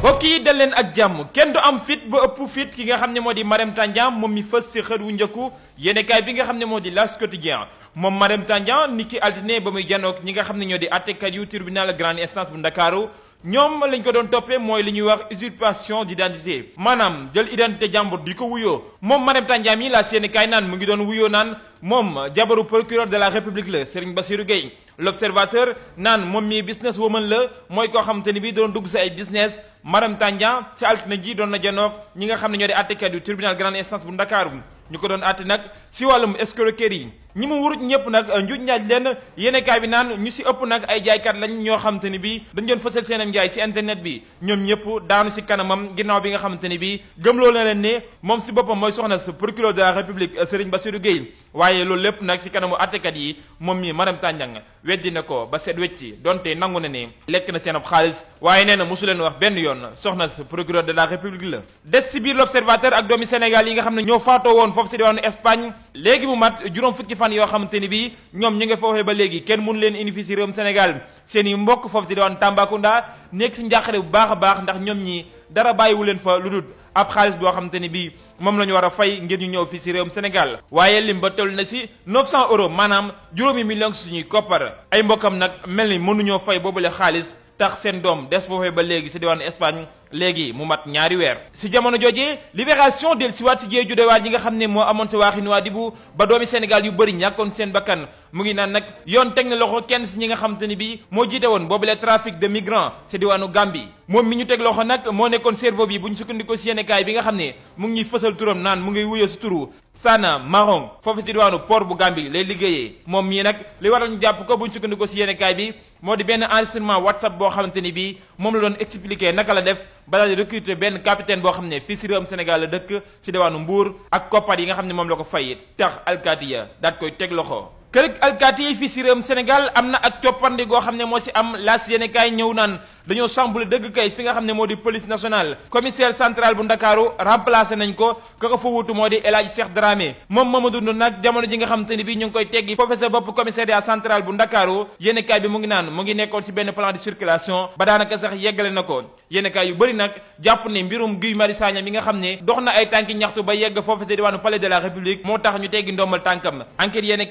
mbokk yi dal leen ak jàmm kenn du am fit ba ëpp fit ki nga xam ne moo di Marème Tandian moom mi fës si xët wu njëkku yéenekaay bi nga xam ne moo di L'As Quotidien moom marem Tandian ni ki altine ba muy janoog ñi nga xam ne ñoo di àttekat yu tribunal grande instance bu Ndakaaru ñoom lañ ko doon toppee mooy li ñuy wax usurpation d'identité maanaam jël identité jàmbur di ko wuyoo moom Marème Tandian mi la seen kaay naan mu ngi doon wuyoo naan moom jabaru procureur de la république la Serigne Bassirou Gueye l'observateur naan moom mii business woman la mooy koo xamante ni bii doon dugg si ay business Maram Tandian si altine ji doon na janoog ñi nga xam ne ñoo di àttekat yu tribunal grande instance bu Ndakaaru ñu ko doon àtte nag si wàllum escroquerie yi ñi mu wuruj ñëpp nag euh, njuuj njaaj leen yéenekaay bi naan ñu si ëpp nag ay jaaykat lañ ñoo xamante ni bi dañ doon fësal seen am njaay si internet bi ñoom ñëpp daanu si kanamam ginnaaw bi nga xamante ni bi gëmloo na leen moom si boppam mooy soxna sa procureur de la république euh, Serigne Bassirou Gueye waaye loolu lépp nag ci kanamu àttekat yi moom mii Maram Tànjang weddi na ko ba seet wecci donte nangu na ne lekk na seen ab xaalis waaye nee na mosu leen wax benn yoon soxna procureur de la république la des ci biir l'observateur ak doomi Sénégal yi nga xam ne ñoo faatoo woon foofu ci diwaanu Espagne léegi mu mat juróom fukki fan yoo xamante ni bi ñoom ñu ngi foofee ba léegi kenn mënu leen indi fii ci réewum Sénégal seen i mbokk foofu si diwaanu Tambacounda nekk ci bu baax a baax ndax ñoom ñi dara bàyyiwu leen fa lu dul ab xaalis boo xam te ne bii moom lañu ñu war a fay ngir ñu ñëw fii si réewum senegal waaye lim ba toll na si 900 euros maanaam juróomi million suñuy koppar ay mbokkam nag mel ni mënuñoo fay boobule xaalis tax seen doom des foofee ba léegi si diwaanu Espagne léegi mu mat ñaari weer si jamono jooje libération del siwaat si jee ju doy waar yi nga xam ne moo amoon sa waaxi nuwaa di bu ba doomi Sénégal yu bëri ñàkkoon seen bakkan mu ngi naan nag yoon teg na loxo kenn si ñi nga xam ni bi moo jiite woon boobule trafic de migrants si diwaanu Gambie moom mi ñu teg loxo nag moo nekkoon cerveau bi bu ñu sukkandikoo si yéenekaay bi nga xam ne mu ngi ñuy fësal turam naan mu ngi wuyoo si turu Sana Marong foofu si diwaanu port bu Gambie lay liggéeyee moom mii nag li jàpp ko bu ñu sukkandikoo si yéenekaay bi moo di benn enregistrement WhatsApp boo xamante ni bi moom la doon expliquer naka la def ba daal di benn capitaine boo xam ne fii si réewum Sénégal la dëkk si diwaanu Mbour ak koppar yi nga xam ne moom la ko fay tax alkaati ya daat koy teg loxo. kër alkaati yi fii si réewum Sénégal am na ak coppandi goo xam ne moo si am laas yéene kaay ñëw naan dañoo sambule dëgg kay fi nga xam ne moo di police nationale commissaire central bu Ndakaaru remplacé nañ ko ka ko fa wuutu moo di El Hadj Cheikh Dramé moom Mamadou Ndour nag jamono ji nga xam ne ni bii ñu ngi koy teggi foofe sa bopp commissariat central bu Ndakaaru yéene kaay bi mu ngi naan mu ngi nekkoon si benn plan de circulation ba daanaka sax yeggale ko yéene kaay yu bëri jàpp ne mbirum Guy Marius Sagna mi nga xam ne dox na ay tànki ñaxtu ba yegg foofe sa moo tax ñu teggi ndombal tànkam enquête yéene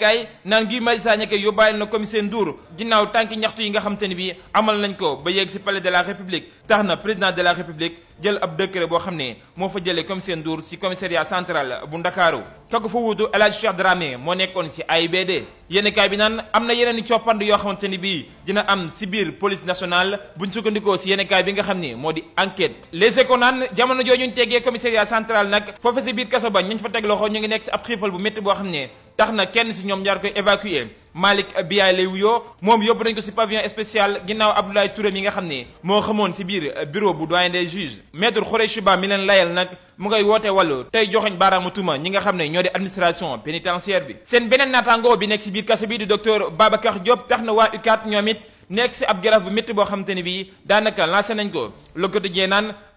naan Guy Marius Sagna kay yóbbaale na commissaire Ndour ginnaaw tànki ñaxtu yi nga xam te ne bii amal nañ ko ba yegg ci palais de la république tax na président de la république jël ab décret boo xam ne moo fa jële commissaire Ndour ci commissariat central bu Ndakaaru ka ko fa wuutu El Hadj Cheikh moo nekkoon ci AIBD yéen kaay bi naan am na yeneen i coppand yoo xamante ni bii dina am ci biir police nationale buñ sukkandikoo ci yéen kaay bi nga xam ne moo di enquête les échos naan jamono jooju ñu tegee commissariat central nekk ci ab xiifal bu xam ne tax na kenn si ñoom ñaar koy évacué Malick Biaye lay wuyoo moom yóbbu nañ ko si pavillon spécial ginnaaw Abdoulaye Touré mi nga xam ne moo xamoon si biir bureau bu doyen des juges maître Khoureyssi Ba mi leen layal nag mu ngay woote wàllu tey joxeñ baaraamu tuma ñi nga xam ne ñoo di administration pénitentiaire bi seen beneen naataangoo bi nekk si biir kaso bi di docteur Babacar Diop tax na waa UCAD ñoom it nekk si ab garaf bu métti boo xam te ne bii daanaka lancé nañ ko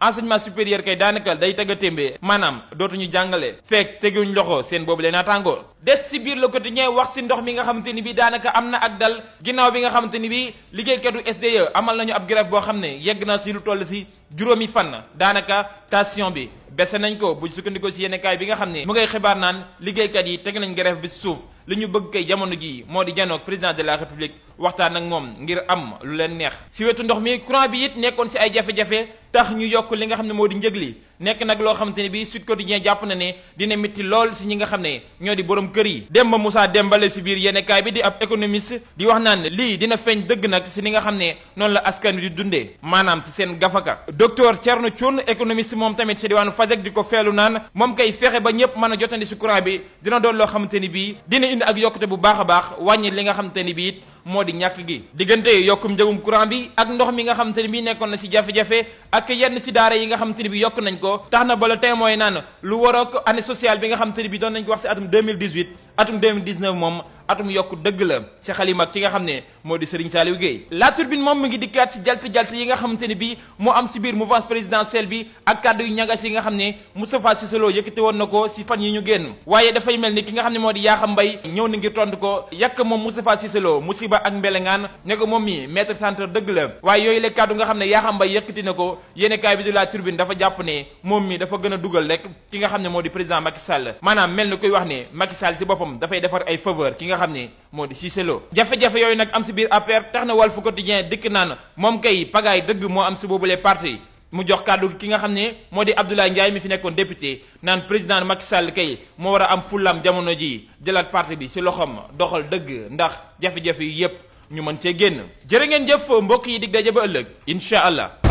enseignement supérieur kay daanaka day teg a témbee maanaam dootuñu jàngale fekk teguñ loxo seen boobu leen naataangoo des si biir la Le Quotidien wax si ndox mi nga xamante ni bi daanaka am na ak dal ginnaaw bi nga xamante ni bi liggéeykatu SDE amal nañu ab grève boo xam ne yegg naa si lu toll si juróomi fan daanaka tension bi bese nañ ko bu sukkandikoo si yenn bi nga xam ne mu ngay xibaar naan liggéeykat yi teg nañ grève bi suuf li ñu bëgg kay jamono jii moo di janoog président de la république waxtaan ak moom ngir am lu leen neex si wetu ndox mi courant bi it nekkoon si ay jafe tax ñu yokk li nga xam ne moo di njëg li nekk nag loo xamante ne bii Sud Quotidien jàpp na ne dina métti lool si ñi nga xam ne ñoo di borom kër yi dem Demba Moussa Dembale si biir yenekaay bi di ab économiste di wax naan lii dina feeñ dëgg nag si li nga xam ne noonu la askan wi dundee maanaam si seen gafaka docteur Thierno Thioune économiste moom tamit si diwaanu Fajek di ko feelu naan moom kay fexe ba ñëpp mën a jotandi si courant bi dina doon loo xamante ni bii dina indi ak yokkute bu baax a baax wàññi li nga xamante ni bii moo di ñàkk gi diggante yokkum njëgum courant bi ak ndox mi nga xam te ne bi nekkoon na si jafe-jafe ak yenn si daara yi nga xam te bi yokk nañ ko tax na ba le témoin naan lu warook année sociale bi nga xam te ne bi doon nañ ko wax si atum 2018 atum 2019 moom atum yokk dëgg la ci xalima ki nga xam ne moo di Serigne Saliou Gueye La Tribune moom mi ngi dikkaat si jalt jalt yi nga xamante bii moo am si biir mouvance présidentielle bi ak kàddu yu ñagas yi nga xam ne Moustapha Cissé woon na ko si yi ñu génn waaye dafay mel ni ki nga xam ne moo di Yakham Mbaye ñëw na ngir tontu ko yàq moom Moustapha Cissé Lo musiba ak mbelengaan ne ko moom dëgg la waaye yooyu la kàddu nga xam ne Yakham Mbaye yëkkati na ko yéene dafa jàpp ne moom mi dafa gën a dugal rek ki nga xam ne moo di président Macky Sall maanaam mel ni koy wax ne Macky Sall si boppam boppam dafay defar ay faveur ki nga xam ne moo di Cissé Lo jafe-jafe yooyu nag am si biir APR tax na Walf Quotidien dikk naan moom kay pagaay dëgg moo am si boobule parti mu jox kàddu ki nga xam ne moo di Abdoulaye Ndiaye mi fi nekkoon député naan président Macky Sall kay moo war a am fulam jamono ji jëlaat parti bi si loxoom doxal dëgg ndax jafe-jafe yi yépp ñu mën see génn jërë ngeen jëf mbokk yi dig daje ba ëllëg incha allah